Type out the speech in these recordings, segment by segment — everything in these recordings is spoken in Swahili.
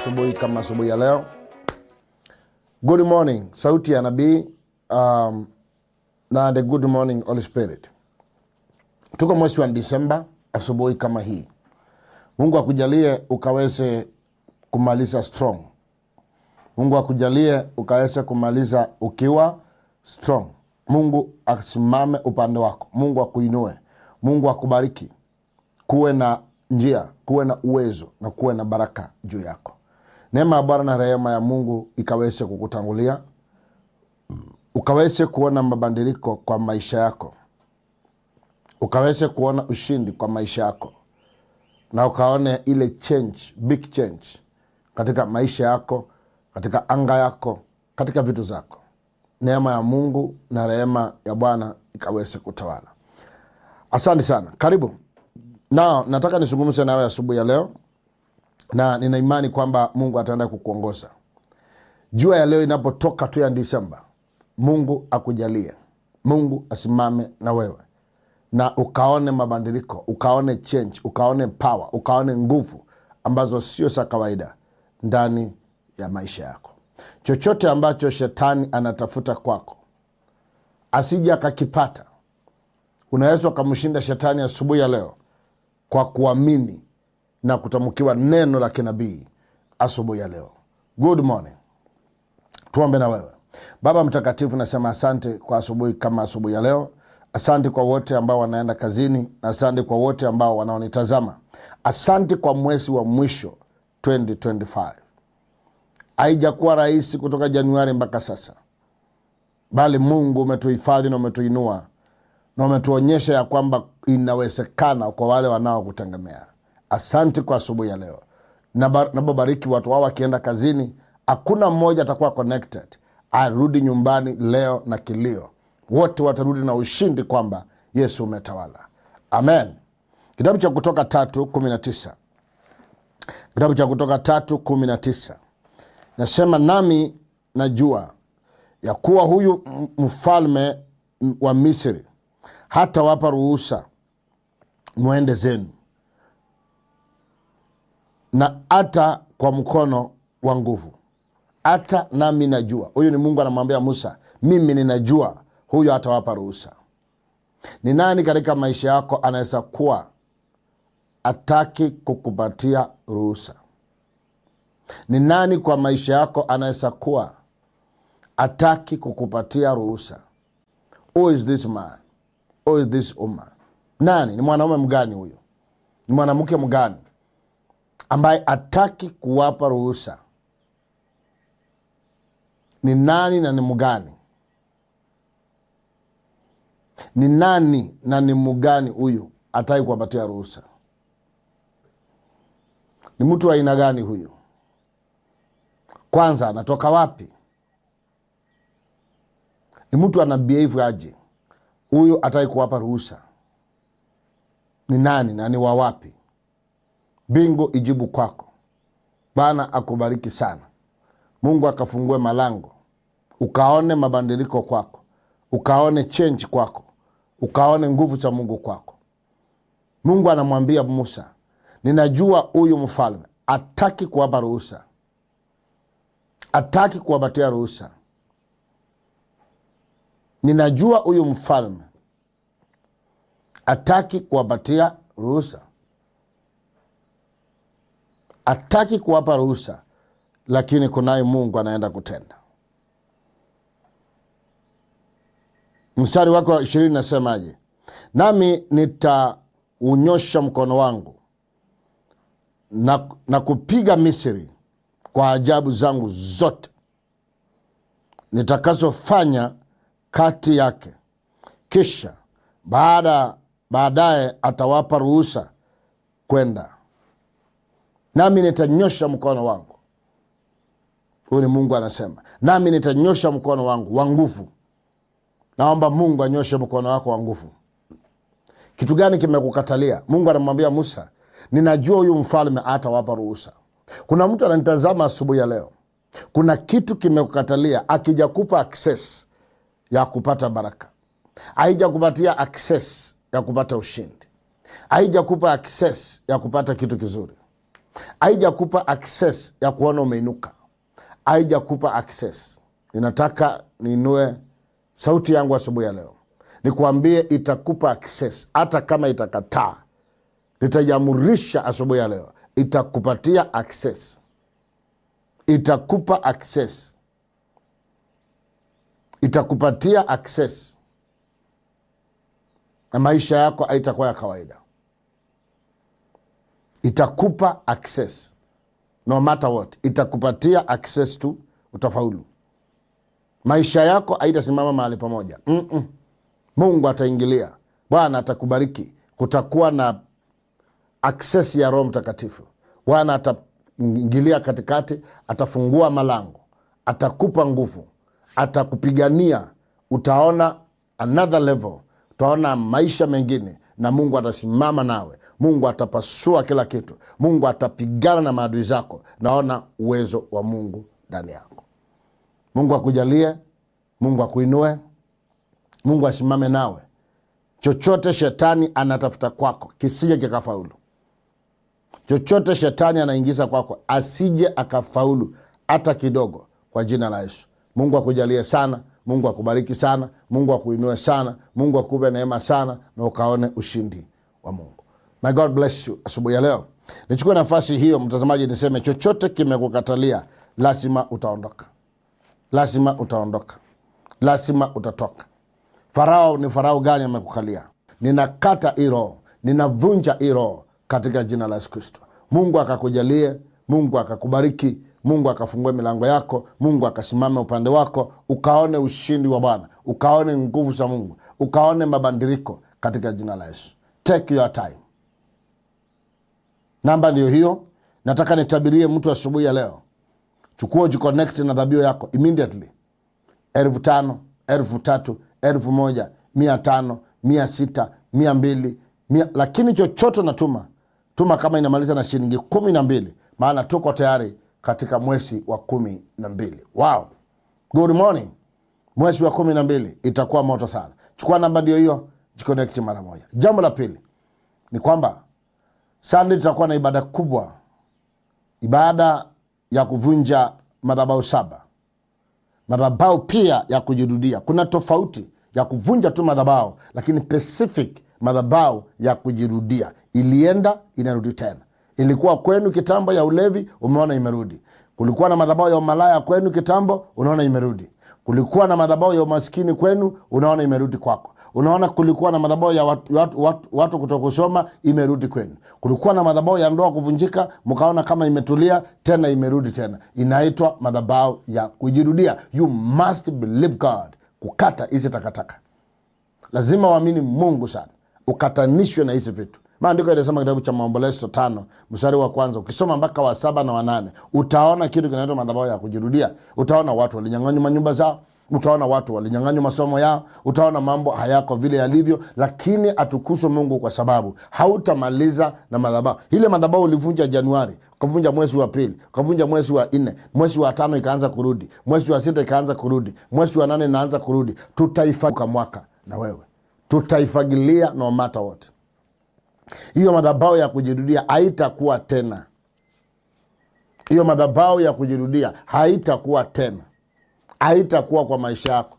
asubuhi kama asubuhi ya leo. Good morning sauti ya nabii um, na the good morning Holy Spirit. Tuko mwezi wa Disemba, asubuhi kama hii, Mungu akujalie ukaweze kumaliza strong. Mungu akujalie ukaweze kumaliza ukiwa strong. Mungu asimame upande wako, Mungu akuinue, Mungu akubariki, kuwe na njia, kuwe na uwezo na kuwe na baraka juu yako. Neema ya Bwana na rehema ya Mungu ikaweze kukutangulia ukaweze kuona mabadiliko kwa maisha yako, ukaweze kuona ushindi kwa maisha yako, na ukaone ile change, big change katika maisha yako, katika anga yako, katika vitu zako. Neema ya Mungu na rehema ya Bwana ikaweze kutawala. Asante sana, karibu nao. Nataka nizungumze nawe asubuhi ya leo na nina imani kwamba Mungu ataenda kukuongoza. Jua ya leo inapotoka tu ya Disemba, Mungu akujalie, Mungu asimame na wewe na ukaone mabadiliko, ukaone change, ukaone power, ukaone nguvu ambazo sio za kawaida ndani ya maisha yako. Chochote ambacho shetani anatafuta kwako asija akakipata, unaweza ukamshinda shetani asubuhi ya, ya leo kwa kuamini na kutamkiwa neno la kinabii asubuhi ya leo. Good morning. Tuombe na wewe. Baba Mtakatifu, nasema asante kwa asubuhi kama asubuhi ya leo. Asante kwa wote ambao wanaenda kazini, na asante kwa wote ambao wanaonitazama. Asante kwa mwezi wa mwisho 2025. Haijakuwa rahisi kutoka Januari mpaka sasa, bali Mungu umetuhifadhi na umetuinua na umetuonyesha ya kwamba inawezekana kwa wale wanaokutegemea asante kwa asubuhi ya leo. nabobariki watu wao wakienda kazini, hakuna mmoja atakuwa connected arudi nyumbani leo na kilio, wote watarudi na ushindi kwamba Yesu umetawala. Amen. Kitabu cha Kutoka tatu kumi na tisa kitabu cha Kutoka tatu kumi na tisa nasema, nami najua ya kuwa huyu mfalme wa Misri hata wapa ruhusa mwende zenu na hata kwa mkono wa nguvu. Hata nami najua, huyu ni Mungu anamwambia Musa, mimi ninajua huyo atawapa ruhusa. Ni nani katika maisha yako anaweza kuwa ataki kukupatia ruhusa? Ni nani kwa maisha yako anaweza kuwa ataki kukupatia ruhusa? is this man? is this woman? Nani? Ni mwanaume mgani huyo? Ni mwanamke mgani? ambaye hataki kuwapa ruhusa ni nani na ni mgani? Ni nani na ni mgani huyu hataki kuwapatia ruhusa? Ni mtu wa aina gani huyu? Kwanza anatoka wapi? Ni mtu ana behave aje huyu hataki kuwapa ruhusa? Ni nani na ni wa wapi? bingu ijibu kwako. Bwana akubariki sana. Mungu akafungue malango, ukaone mabadiliko kwako, ukaone chenji kwako, ukaone nguvu za Mungu kwako. Mungu anamwambia Musa, ninajua huyu mfalme ataki kuwapa ruhusa, ataki kuwapatia ruhusa. Ninajua huyu mfalme ataki kuwapatia ruhusa ataki kuwapa ruhusa, lakini kunaye Mungu anaenda kutenda. Mstari wake wa ishirini nasemaje? Nami nitaunyosha mkono wangu na, na kupiga Misri kwa ajabu zangu zote nitakazofanya kati yake, kisha baada baadaye atawapa ruhusa kwenda nami nitanyosha mkono wangu. Huyu ni Mungu anasema, nami nitanyosha mkono wangu wa nguvu. Naomba Mungu anyoshe mkono wako wa nguvu. Kitu gani kimekukatalia? Mungu anamwambia Musa, ninajua huyu mfalme atawapa ruhusa. Kuna mtu ananitazama asubuhi ya leo, kuna kitu kimekukatalia, akijakupa akses ya kupata baraka, haijakupatia akses ya kupata ushindi, haijakupa akses ya kupata kitu kizuri haijakupa access ya kuona umeinuka, haijakupa access. Ninataka niinue sauti yangu asubuhi ya leo nikuambie, itakupa access hata kama itakataa. Nitajamurisha asubuhi ya leo, itakupatia access, itakupa access, itakupatia access, na maisha yako haitakuwa ya kawaida itakupa access no matter what, itakupatia access tu, utafaulu. Maisha yako haitasimama mahali pamoja. mm -mm. Mungu ataingilia, Bwana atakubariki, kutakuwa na access ya Roho Mtakatifu. Bwana ataingilia katikati, atafungua malango, atakupa nguvu, atakupigania. Utaona another level, utaona maisha mengine, na Mungu atasimama nawe Mungu atapasua kila kitu. Mungu atapigana na maadui zako. Naona uwezo wa Mungu ndani yako. Mungu akujalie, Mungu akuinue, Mungu asimame nawe. Chochote shetani anatafuta kwako kisije kikafaulu, chochote shetani anaingiza kwako asije akafaulu hata kidogo, kwa jina la Yesu. Mungu akujalie sana, Mungu akubariki sana, Mungu akuinue sana, Mungu akupe neema sana, na ukaone ushindi wa Mungu. May God bless you. Asubuhi ya leo nichukue nafasi hiyo, mtazamaji, niseme chochote kimekukatalia, lazima utaondoka, lazima utaondoka, lazima utatoka. Farao ni farao gani amekukalia? Ninakata hilo, ninavunja hilo katika jina la Yesu Kristo. Mungu akakujalie, Mungu akakubariki, Mungu akafungue milango yako, Mungu akasimame upande wako, ukaone ushindi wa Bwana, ukaone nguvu za Mungu, ukaone mabandiriko katika jina la Yesu. Take your time. Namba ndiyo hiyo, nataka nitabirie mtu asubuhi ya leo. Chukua ujiconnect na dhabio yako immediately, elfu tano, elfu tatu, elfu moja, mia tano, mia sita, mia mbili, mia, lakini chochote natuma tuma kama inamaliza na shilingi kumi na mbili, maana tuko tayari katika mwezi wa kumi na mbili. Wow. Good morning. Mwezi wa kumi na mbili itakuwa moto sana. Chukua namba ndio hiyo, jiconnect mara moja. Jambo la pili ni kwamba Sunday tutakuwa na ibada kubwa, ibada ya kuvunja madhabahu saba, madhabahu pia ya kujirudia. Kuna tofauti ya kuvunja tu madhabahu, lakini specific madhabahu ya kujirudia. Ilienda inarudi tena. Ilikuwa kwenu kitambo ya ulevi, umeona imerudi. Kulikuwa na madhabahu ya umalaya kwenu kitambo, unaona imerudi. Kulikuwa na madhabahu ya umaskini kwenu, unaona imerudi kwako. Unaona, kulikuwa na madhabao ya watu, watu, watu, watu kutoka kusoma imerudi kwenu. Kulikuwa na madhabao ya ndoa kuvunjika, mkaona kama imetulia tena, imerudi tena. Inaitwa madhabao ya kujirudia. You must believe God. Kukata hizi takataka, lazima uamini Mungu sana, ukatanishwe na hizi vitu. Maandiko yanasema kitabu cha Maombolezo tano mstari wa kwanza ukisoma mpaka wa saba na wanane utaona kitu kinaitwa madhabahu ya kujirudia. Utaona watu walinyang'anywa manyumba zao utaona watu walinyang'anywa masomo yao, utaona mambo hayako vile yalivyo, lakini atukuswe Mungu kwa sababu hautamaliza na madhabahu. Ile madhabahu ulivunja Januari, ukavunja mwezi wa pili, ukavunja mwezi wa nne, mwezi wa tano ikaanza kurudi, mwezi wa sita ikaanza kurudi, mwezi wa nane inaanza kurudi. tutaifaka mwaka na wewe, tutaifagilia no matter Hiyo madhabahu ya kujirudia haitakuwa tena, hiyo madhabahu ya kujirudia haitakuwa tena haitakuwa kwa maisha yako,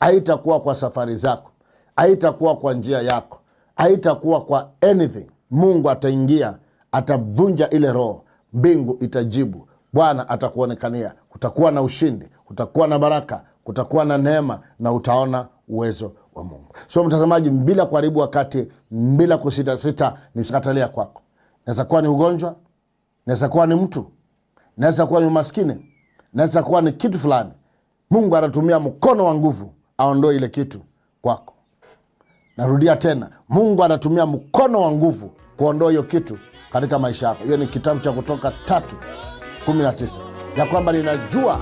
haitakuwa kwa safari zako, haitakuwa kwa njia yako, haitakuwa kwa anything. Mungu ataingia, atavunja ile roho, mbingu itajibu, Bwana atakuonekania. Kutakuwa na ushindi, kutakuwa na baraka, kutakuwa na neema na utaona uwezo wa Mungu. So mtazamaji, bila kuharibu wakati, bila kusitasita, nisikatalia kwako. Naweza kuwa ni ugonjwa, naweza kuwa ni mtu, naweza kuwa ni umaskini, naweza kuwa ni kitu fulani Mungu atatumia mkono wa nguvu aondoe ile kitu kwako. Narudia tena, Mungu anatumia mkono wa nguvu kuondoa hiyo kitu katika maisha yako. Hiyo ni kitabu cha Kutoka tatu 19 ya kwamba ninajua